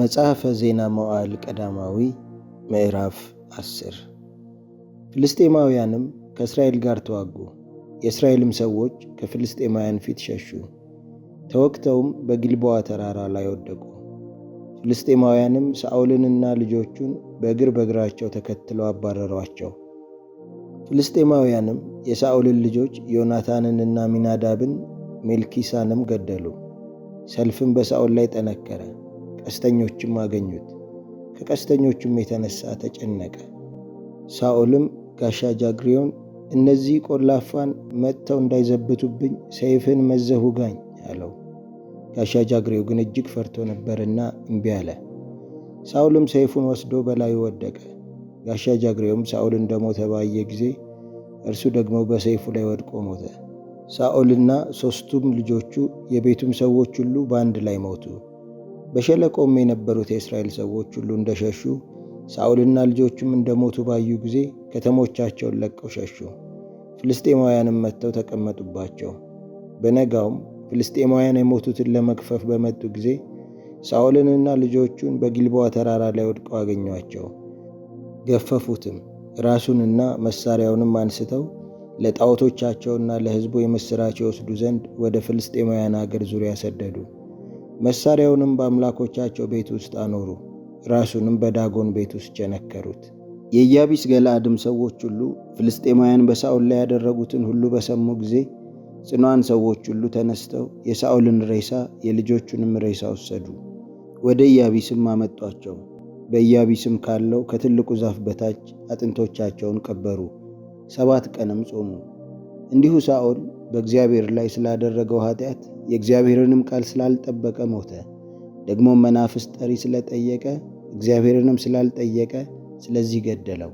መጽሐፈ ዜና መዋዕል ቀዳማዊ ምዕራፍ 10 ፍልስጤማውያንም ከእስራኤል ጋር ተዋጉ። የእስራኤልም ሰዎች ከፍልስጤማውያን ፊት ሸሹ፣ ተወግተውም በጊልቦዋ ተራራ ላይ ወደቁ። ፍልስጤማውያንም ሳኦልንና ልጆቹን በእግር በእግራቸው ተከትለው አባረሯቸው። ፍልስጤማውያንም የሳኦልን ልጆች ዮናታንንና ሚናዳብን ሜልኪሳንም ገደሉ። ሰልፍም በሳኦል ላይ ጠነከረ። ቀስተኞችም አገኙት። ከቀስተኞቹም የተነሳ ተጨነቀ። ሳኦልም ጋሻ ጃግሬውን እነዚህ ቆላፋን መጥተው እንዳይዘብቱብኝ ሰይፍን መዘሁ ጋኝ አለው። ጋሻ ጃግሬው ግን እጅግ ፈርቶ ነበርና እምቢ አለ። ሳኦልም ሰይፉን ወስዶ በላዩ ወደቀ። ጋሻ ጃግሬውም ሳኦል እንደሞተ ባየ ጊዜ እርሱ ደግሞ በሰይፉ ላይ ወድቆ ሞተ። ሳኦልና ሦስቱም ልጆቹ የቤቱም ሰዎች ሁሉ በአንድ ላይ ሞቱ። በሸለቆም የነበሩት የእስራኤል ሰዎች ሁሉ እንደሸሹ ሳኦልና ልጆቹም እንደሞቱ ባዩ ጊዜ ከተሞቻቸውን ለቀው ሸሹ። ፍልስጤማውያንም መጥተው ተቀመጡባቸው። በነጋውም ፍልስጤማውያን የሞቱትን ለመግፈፍ በመጡ ጊዜ ሳኦልንና ልጆቹን በጊልቦዋ ተራራ ላይ ወድቀው አገኟቸው። ገፈፉትም፣ ራሱንና መሳሪያውንም አንስተው ለጣዖቶቻቸውና ለሕዝቡ የምሥራች ይወስዱ ዘንድ ወደ ፍልስጤማውያን አገር ዙሪያ ሰደዱ። መሳሪያውንም በአምላኮቻቸው ቤት ውስጥ አኖሩ፣ ራሱንም በዳጎን ቤት ውስጥ ቸነከሩት። የኢያቢስ ገለአድም ሰዎች ሁሉ ፍልስጤማውያን በሳኦል ላይ ያደረጉትን ሁሉ በሰሙ ጊዜ ጽኗን ሰዎች ሁሉ ተነስተው የሳኦልን ሬሳ የልጆቹንም ሬሳ ወሰዱ፣ ወደ ኢያቢስም አመጧቸው። በኢያቢስም ካለው ከትልቁ ዛፍ በታች አጥንቶቻቸውን ቀበሩ፣ ሰባት ቀንም ጾሙ። እንዲሁ ሳኦል በእግዚአብሔር ላይ ስላደረገው ኃጢአት የእግዚአብሔርንም ቃል ስላልጠበቀ ሞተ። ደግሞ መናፍስት ጠሪ ስለጠየቀ እግዚአብሔርንም ስላልጠየቀ ስለዚህ ገደለው።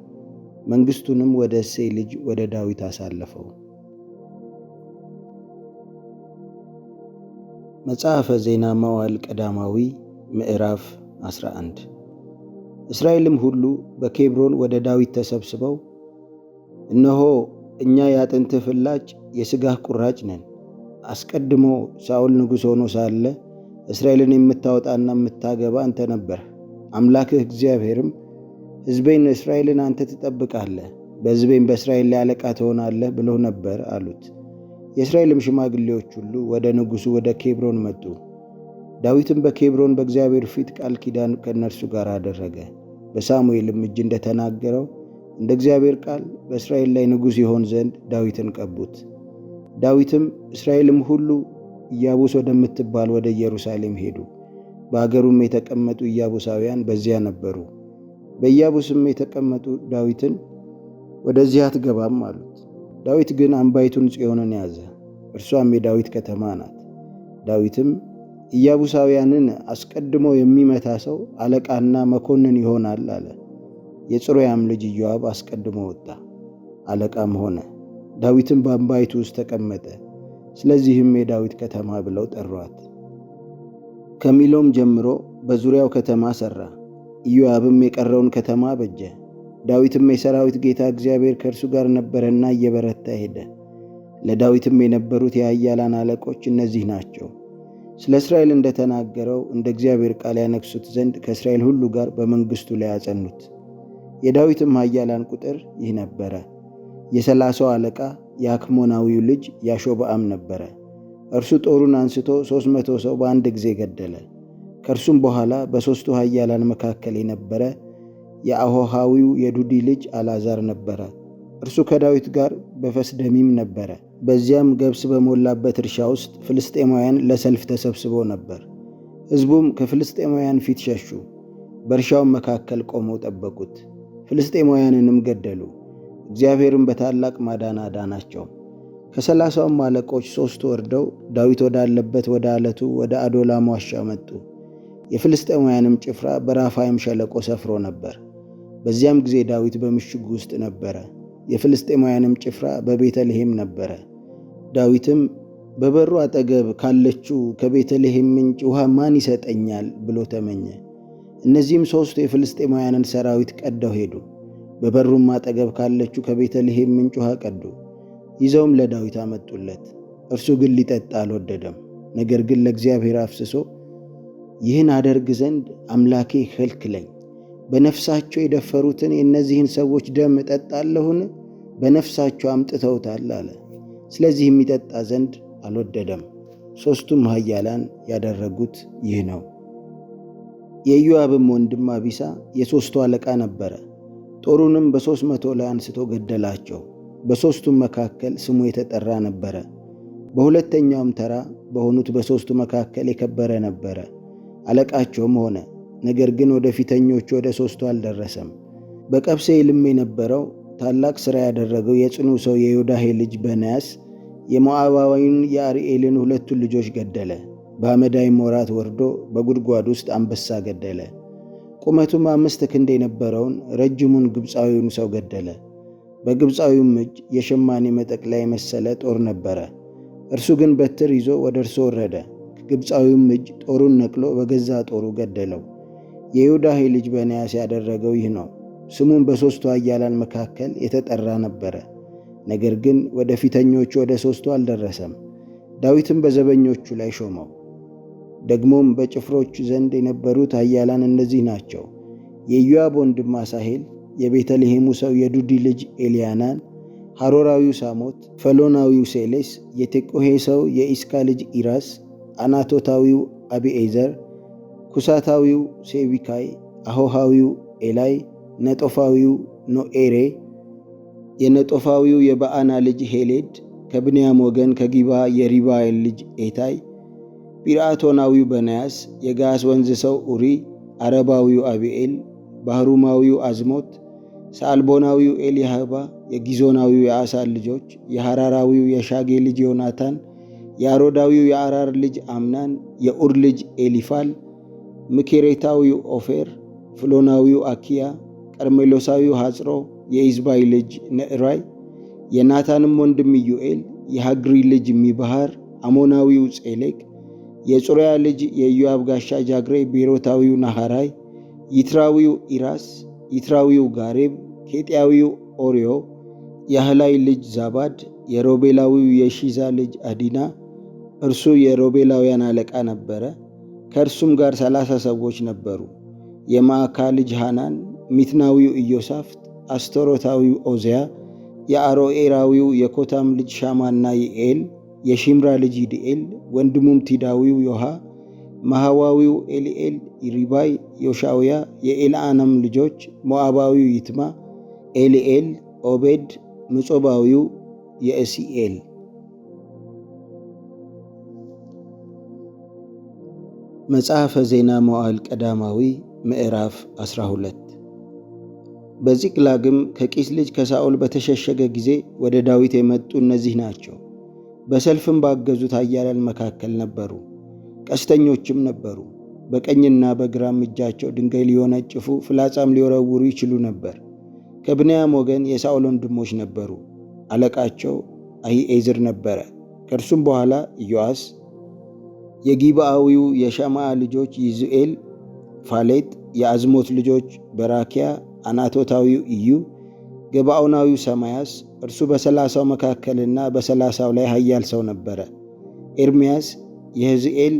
መንግሥቱንም ወደ እሴይ ልጅ ወደ ዳዊት አሳለፈው። መጽሐፈ ዜና መዋዕል ቀዳማዊ ምዕራፍ 11 እስራኤልም ሁሉ በኬብሮን ወደ ዳዊት ተሰብስበው እነሆ እኛ የአጥንትህ ፍላጭ የሥጋህ ቁራጭ ነን አስቀድሞ ሳኦል ንጉሥ ሆኖ ሳለ እስራኤልን የምታወጣና የምታገባ አንተ ነበር። አምላክህ እግዚአብሔርም ሕዝቤን እስራኤልን አንተ ትጠብቃለህ፣ በሕዝቤን በእስራኤል ላይ አለቃ ትሆናለህ ብሎ ነበር አሉት። የእስራኤልም ሽማግሌዎች ሁሉ ወደ ንጉሡ ወደ ኬብሮን መጡ። ዳዊትም በኬብሮን በእግዚአብሔር ፊት ቃል ኪዳን ከእነርሱ ጋር አደረገ። በሳሙኤልም እጅ እንደተናገረው እንደ እግዚአብሔር ቃል በእስራኤል ላይ ንጉሥ ይሆን ዘንድ ዳዊትን ቀቡት። ዳዊትም እስራኤልም ሁሉ ኢያቡስ ወደምትባል ወደ ኢየሩሳሌም ሄዱ። በአገሩም የተቀመጡ ኢያቡሳውያን በዚያ ነበሩ። በኢያቡስም የተቀመጡ ዳዊትን ወደዚህ አትገባም አሉት። ዳዊት ግን አምባይቱን ጽዮንን ያዘ፣ እርሷም የዳዊት ከተማ ናት። ዳዊትም ኢያቡሳውያንን አስቀድሞ የሚመታ ሰው አለቃና መኮንን ይሆናል አለ። የጽሩያም ልጅ ኢዮአብ አስቀድሞ ወጣ፣ አለቃም ሆነ። ዳዊትም በአምባይቱ ውስጥ ተቀመጠ። ስለዚህም የዳዊት ከተማ ብለው ጠሯት። ከሚሎም ጀምሮ በዙሪያው ከተማ ሠራ። ኢዮአብም የቀረውን ከተማ በጀ። ዳዊትም የሰራዊት ጌታ እግዚአብሔር ከእርሱ ጋር ነበረና እየበረታ ሄደ። ለዳዊትም የነበሩት የአያላን አለቆች እነዚህ ናቸው። ስለ እስራኤል እንደተናገረው እንደ እግዚአብሔር ቃል ያነግሱት ዘንድ ከእስራኤል ሁሉ ጋር በመንግሥቱ ላይ ያጸኑት። የዳዊትም አያላን ቁጥር ይህ ነበረ። የሰላሳው አለቃ የአክሞናዊው ልጅ ያሾብአም ነበረ። እርሱ ጦሩን አንስቶ ሦስት መቶ ሰው በአንድ ጊዜ ገደለ። ከእርሱም በኋላ በሦስቱ ኃያላን መካከል የነበረ የአሆሃዊው የዱዲ ልጅ አላዛር ነበረ። እርሱ ከዳዊት ጋር በፈስደሚም ነበረ። በዚያም ገብስ በሞላበት እርሻ ውስጥ ፍልስጤማውያን ለሰልፍ ተሰብስበው ነበር። ሕዝቡም ከፍልስጤማውያን ፊት ሸሹ፣ በእርሻውም መካከል ቆመው ጠበቁት፣ ፍልስጤማውያንንም ገደሉ። እግዚአብሔርም በታላቅ ማዳን አዳናቸው። ከሰላሳውም አለቆች ሦስት ወርደው ዳዊት ወዳለበት ወደ አለቱ ወደ አዶላም ዋሻ መጡ። የፍልስጤማውያንም ጭፍራ በራፋይም ሸለቆ ሰፍሮ ነበር። በዚያም ጊዜ ዳዊት በምሽጉ ውስጥ ነበረ። የፍልስጤማውያንም ጭፍራ በቤተልሔም ነበረ። ዳዊትም በበሩ አጠገብ ካለችው ከቤተልሔም ምንጭ ውሃ ማን ይሰጠኛል ብሎ ተመኘ። እነዚህም ሦስቱ የፍልስጤማውያንን ሰራዊት ቀደው ሄዱ። በበሩም አጠገብ ካለችው ከቤተልሔም ምንጭ ውሃ ቀዱ። ይዘውም ለዳዊት አመጡለት። እርሱ ግን ሊጠጣ አልወደደም። ነገር ግን ለእግዚአብሔር አፍስሶ ይህን አደርግ ዘንድ አምላኬ ከልክለኝ፣ በነፍሳቸው የደፈሩትን የእነዚህን ሰዎች ደም እጠጣለሁን? በነፍሳቸው አምጥተውታል አለ። ስለዚህ የሚጠጣ ዘንድ አልወደደም። ሦስቱም ኃያላን ያደረጉት ይህ ነው። የኢዮአብም ወንድም አቢሳ የሦስቱ አለቃ ነበረ። ጦሩንም በሦስት መቶ ላይ አንስቶ ገደላቸው። በሦስቱም መካከል ስሙ የተጠራ ነበረ። በሁለተኛውም ተራ በሆኑት በሦስቱ መካከል የከበረ ነበረ፣ አለቃቸውም ሆነ። ነገር ግን ወደ ፊተኞቹ ወደ ሦስቱ አልደረሰም። በቀብሴ ይልም የነበረው ታላቅ ሥራ ያደረገው የጽኑ ሰው የዮዳሄ ልጅ በናያስ የሞዓባዊውን የአርኤልን ሁለቱን ልጆች ገደለ። በአመዳይ ሞራት ወርዶ በጉድጓድ ውስጥ አንበሳ ገደለ። ቁመቱም አምስት ክንድ የነበረውን ረጅሙን ግብፃዊውን ሰው ገደለ። በግብፃዊውም እጅ የሸማኔ መጠቅለያ የመሰለ ጦር ነበረ። እርሱ ግን በትር ይዞ ወደ እርሱ ወረደ። ከግብፃዊውም እጅ ጦሩን ነቅሎ በገዛ ጦሩ ገደለው። የዮዳሄ ልጅ በንያስ ያደረገው ይህ ነው። ስሙም በሦስቱ አያላን መካከል የተጠራ ነበረ። ነገር ግን ወደ ፊተኞቹ ወደ ሦስቱ አልደረሰም። ዳዊትም በዘበኞቹ ላይ ሾመው። ደግሞም በጭፍሮቹ ዘንድ የነበሩት አያላን እነዚህ ናቸው። የኢዮአብ ወንድም አሳሄል፣ የቤተልሔሙ ሰው የዱዲ ልጅ ኤልያናን፣ ሐሮራዊው ሳሞት፣ ፈሎናዊው ሴሌስ፣ የቴቆሄ ሰው የኢስካ ልጅ ኢራስ፣ አናቶታዊው አቢኤዘር፣ ኩሳታዊው ሴቢካይ፣ አሆሃዊው ኤላይ፣ ነጦፋዊው ኖኤሬ፣ የነጦፋዊው የበአና ልጅ ሄሌድ፣ ከብንያም ወገን ከጊባ የሪባኤል ልጅ ኤታይ ጲርአቶናዊው በናያስ፣ የጋስ ወንዝ ሰው ኡሪ፣ አረባዊው አቢኤል፣ ባህሩማዊው አዝሞት፣ ሳልቦናዊው ኤሊያህባ፣ የጊዞናዊው የአሳር ልጆች፣ የሐራራዊው የሻጌ ልጅ ዮናታን፣ የአሮዳዊው የአራር ልጅ አምናን፣ የኡር ልጅ ኤሊፋል፣ ምኬሬታዊው ኦፌር፣ ፍሎናዊው አኪያ፣ ቀርሜሎሳዊው ሐጽሮ፣ የኢዝባይ ልጅ ንዕራይ፣ የናታንም ወንድም ኢዩኤል፣ የሃግሪ ልጅ ሚባሃር፣ አሞናዊው ጼሌቅ የጽሩያ ልጅ የኢዮአብ ጋሻ ጃግሬ ቤሮታዊው ናሃራይ፣ ይትራዊው ኢራስ፣ ይትራዊው ጋሬብ፣ ኬጥያዊው ኦርዮ፣ የህላይ ልጅ ዛባድ፣ የሮቤላዊው የሺዛ ልጅ አዲና፣ እርሱ የሮቤላውያን አለቃ ነበረ። ከእርሱም ጋር ሰላሳ ሰዎች ነበሩ። የማዕካ ልጅ ሃናን፣ ሚትናዊው ኢዮሳፍት፣ አስቶሮታዊው ኦዚያ፣ የአሮኤራዊው የኮታም ልጅ ሻማና ይኤል የሺምራ ልጅ ይድኤል፣ ወንድሙም ቲዳዊው ዮሃ፣ ማህዋዊው ኤልኤል፣ ሪባይ፣ ዮሻውያ፣ የኤልአናም ልጆች ሞዓባዊው ይትማ፣ ኤልኤል፣ ኦቤድ፣ ምጾባዊው የእሲኤል መጽሐፈ ዜና መዋዕል ቀዳማዊ ምዕራፍ 12 በዚቅላግም ከቂስ ልጅ ከሳኦል በተሸሸገ ጊዜ ወደ ዳዊት የመጡ እነዚህ ናቸው። በሰልፍም ባገዙት ኃያላን መካከል ነበሩ። ቀስተኞችም ነበሩ። በቀኝና በግራም እጃቸው ድንጋይ ሊወነጭፉ ፍላጻም ሊወረውሩ ይችሉ ነበር። ከብንያም ወገን የሳኦል ወንድሞች ነበሩ። አለቃቸው አሂኤዝር ነበረ። ከእርሱም በኋላ ኢዮአስ፣ የጊብአዊው የሸማ ልጆች ይዝኤል፣ ፋሌጥ፣ የአዝሞት ልጆች በራኪያ፣ አናቶታዊው ኢዩ፣ ገባኦናዊው ሰማያስ፣ እርሱ በሰላሳው መካከልና በሰላሳው ላይ ኃያል ሰው ነበረ። ኤርምያስ፣ የሕዝኤል፣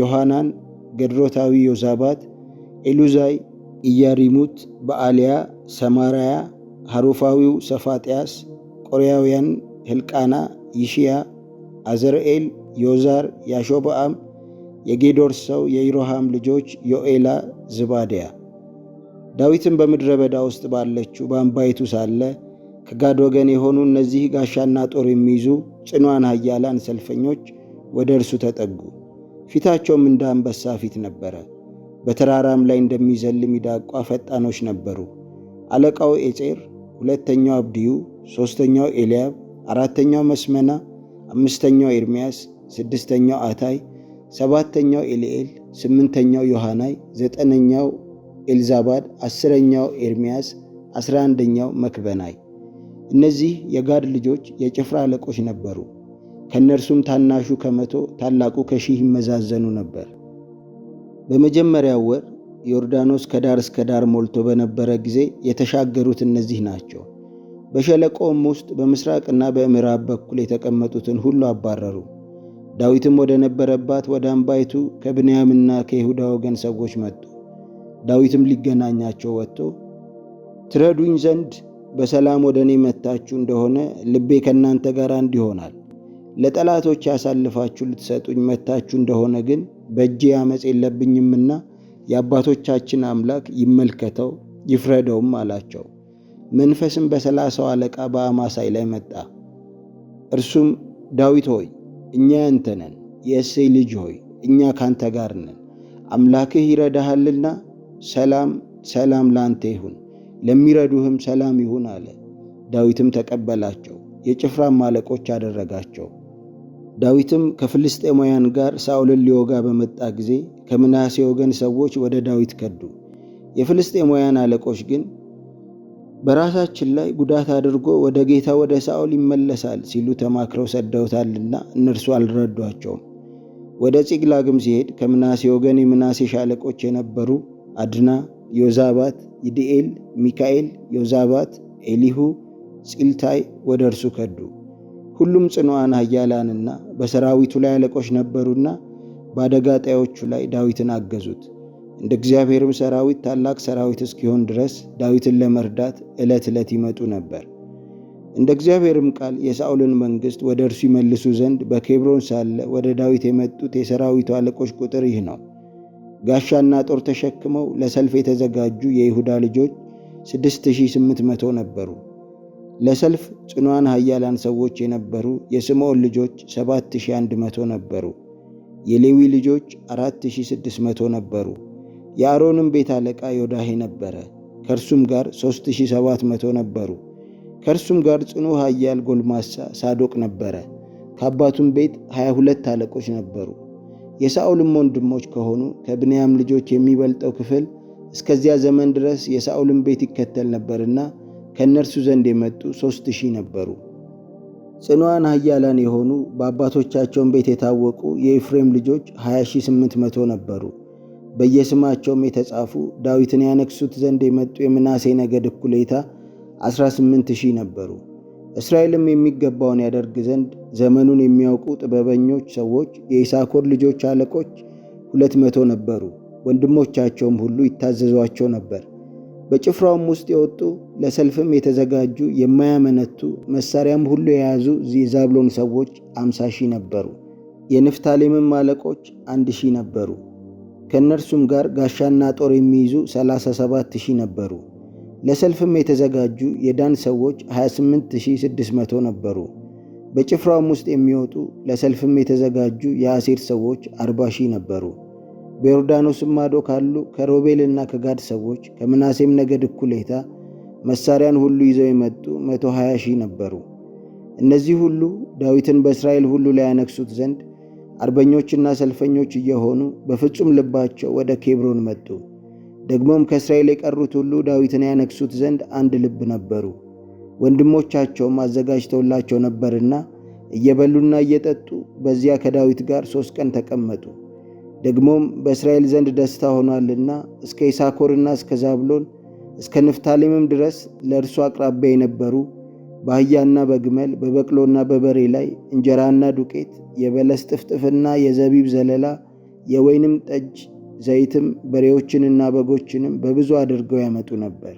ዮሐናን፣ ገድሮታዊ ዮዛባት፣ ኤሉዛይ፣ ኢያሪሙት፣ በአልያ፣ ሰማራያ፣ ሐሩፋዊው ሰፋጥያስ፣ ቆሪያውያን ሕልቃና፣ ይሽያ፣ አዘርኤል፣ ዮዛር፣ ያሾበአም፣ የጌዶር ሰው የይሮሃም ልጆች ዮኤላ፣ ዝባድያ። ዳዊትን በምድረ በዳ ውስጥ ባለችው በአምባይቱ ሳለ ከጋድ ወገን የሆኑ እነዚህ ጋሻና ጦር የሚይዙ ጽኗን ኃያላን ሰልፈኞች ወደ እርሱ ተጠጉ። ፊታቸውም እንደ አንበሳ ፊት ነበረ። በተራራም ላይ እንደሚዘል ሚዳቋ ፈጣኖች ነበሩ። አለቃው ኤጼር፣ ሁለተኛው አብድዩ፣ ሦስተኛው ኤልያብ፣ አራተኛው መስመና፣ አምስተኛው ኤርምያስ፣ ስድስተኛው አታይ፣ ሰባተኛው ኤልኤል፣ ስምንተኛው ዮሐናይ፣ ዘጠነኛው ኤልዛባድ፣ አስረኛው ኤርምያስ፣ አስራ አንደኛው መክበናይ እነዚህ የጋድ ልጆች የጭፍራ አለቆች ነበሩ። ከእነርሱም ታናሹ ከመቶ ታላቁ ከሺህ ይመዛዘኑ ነበር። በመጀመሪያው ወር ዮርዳኖስ ከዳር እስከ ዳር ሞልቶ በነበረ ጊዜ የተሻገሩት እነዚህ ናቸው። በሸለቆም ውስጥ በምስራቅና በምዕራብ በኩል የተቀመጡትን ሁሉ አባረሩ። ዳዊትም ወደ ነበረባት ወደ አምባይቱ ከብንያምና ከይሁዳ ወገን ሰዎች መጡ። ዳዊትም ሊገናኛቸው ወጥቶ ትረዱኝ ዘንድ በሰላም ወደ እኔ መጥታችሁ እንደሆነ ልቤ ከእናንተ ጋር ይሆናል ለጠላቶች ያሳልፋችሁ ልትሰጡኝ መጥታችሁ እንደሆነ ግን በእጄ ያመፅ የለብኝምና የአባቶቻችን አምላክ ይመልከተው ይፍረደውም አላቸው። መንፈስም በሰላሳው አለቃ በአማሳይ ላይ መጣ። እርሱም ዳዊት ሆይ እኛ ያንተ ነን፣ የእሴይ ልጅ ሆይ እኛ ካንተ ጋር ነን፣ አምላክህ ይረዳሃልና ሰላም ሰላም ላንተ ይሁን ለሚረዱህም ሰላም ይሁን አለ። ዳዊትም ተቀበላቸው፣ የጭፍራም አለቆች አደረጋቸው። ዳዊትም ከፍልስጤማውያን ጋር ሳኦልን ሊወጋ በመጣ ጊዜ ከምናሴ ወገን ሰዎች ወደ ዳዊት ከዱ። የፍልስጤማውያን አለቆች ግን በራሳችን ላይ ጉዳት አድርጎ ወደ ጌታ ወደ ሳኦል ይመለሳል ሲሉ ተማክረው ሰደውታልና እነርሱ አልረዷቸውም። ወደ ጺቅላግም ሲሄድ ከምናሴ ወገን የምናሴ ሻለቆች የነበሩ አድና ዮዛባት፣ ይድኤል፣ ሚካኤል፣ ዮዛባት፣ ኤሊሁ፣ ጺልታይ ወደ እርሱ ከዱ። ሁሉም ጽኑዓን ኃያላንና በሰራዊቱ ላይ አለቆች ነበሩና በአደጋ ጣዮቹ ላይ ዳዊትን አገዙት። እንደ እግዚአብሔርም ሰራዊት ታላቅ ሰራዊት እስኪሆን ድረስ ዳዊትን ለመርዳት ዕለት ዕለት ይመጡ ነበር። እንደ እግዚአብሔርም ቃል የሳኦልን መንግሥት ወደ እርሱ ይመልሱ ዘንድ በኬብሮን ሳለ ወደ ዳዊት የመጡት የሰራዊቱ አለቆች ቁጥር ይህ ነው። ጋሻና ጦር ተሸክመው ለሰልፍ የተዘጋጁ የይሁዳ ልጆች 6800 ነበሩ። ለሰልፍ ጽኗን ኃያላን ሰዎች የነበሩ የስምዖን ልጆች 7100 ነበሩ። የሌዊ ልጆች 4600 ነበሩ። የአሮንም ቤት አለቃ ዮዳሄ ነበረ። ከእርሱም ጋር 3700 ነበሩ። ከእርሱም ጋር ጽኑ ኃያል ጎልማሳ ሳዶቅ ነበረ። ከአባቱም ቤት 22 አለቆች ነበሩ። የሳኦልም ወንድሞች ከሆኑ ከብንያም ልጆች የሚበልጠው ክፍል እስከዚያ ዘመን ድረስ የሳኦልን ቤት ይከተል ነበርና ከእነርሱ ዘንድ የመጡ ሦስት ሺህ ነበሩ። ጽኑዋን ኃያላን የሆኑ በአባቶቻቸውን ቤት የታወቁ የኤፍሬም ልጆች 20800 ነበሩ። በየስማቸውም የተጻፉ ዳዊትን ያነግሡት ዘንድ የመጡ የምናሴ ነገድ እኩሌታ 18000 ነበሩ። እስራኤልም የሚገባውን ያደርግ ዘንድ ዘመኑን የሚያውቁ ጥበበኞች ሰዎች የኢሳኮር ልጆች አለቆች ሁለት መቶ ነበሩ። ወንድሞቻቸውም ሁሉ ይታዘዟቸው ነበር። በጭፍራውም ውስጥ የወጡ ለሰልፍም የተዘጋጁ የማያመነቱ መሳሪያም ሁሉ የያዙ የዛብሎን ሰዎች አምሳ ሺህ ነበሩ። የንፍታሌምም አለቆች አንድ ሺህ ነበሩ። ከእነርሱም ጋር ጋሻና ጦር የሚይዙ ሰላሳ ሰባት ሺህ ነበሩ። ለሰልፍም የተዘጋጁ የዳን ሰዎች 28600 ነበሩ። በጭፍራውም ውስጥ የሚወጡ ለሰልፍም የተዘጋጁ የአሴር ሰዎች 40 ሺህ ነበሩ። በዮርዳኖስም ማዶ ካሉ ከሮቤልና ከጋድ ሰዎች ከምናሴም ነገድ እኩሌታ መሳሪያን ሁሉ ይዘው የመጡ 120 ሺህ ነበሩ። እነዚህ ሁሉ ዳዊትን በእስራኤል ሁሉ ላይ ያነግሱት ዘንድ አርበኞችና ሰልፈኞች እየሆኑ በፍጹም ልባቸው ወደ ኬብሮን መጡ። ደግሞም ከእስራኤል የቀሩት ሁሉ ዳዊትን ያነግሱት ዘንድ አንድ ልብ ነበሩ። ወንድሞቻቸውም አዘጋጅተውላቸው ነበርና እየበሉና እየጠጡ በዚያ ከዳዊት ጋር ሦስት ቀን ተቀመጡ። ደግሞም በእስራኤል ዘንድ ደስታ ሆኗልና እስከ ኢሳኮርና እስከ ዛብሎን እስከ ንፍታሌምም ድረስ ለእርሱ አቅራቢያ የነበሩ በአህያና በግመል በበቅሎና በበሬ ላይ እንጀራና ዱቄት፣ የበለስ ጥፍጥፍና የዘቢብ ዘለላ፣ የወይንም ጠጅ ዘይትም በሬዎችንና በጎችንም በብዙ አድርገው ያመጡ ነበር።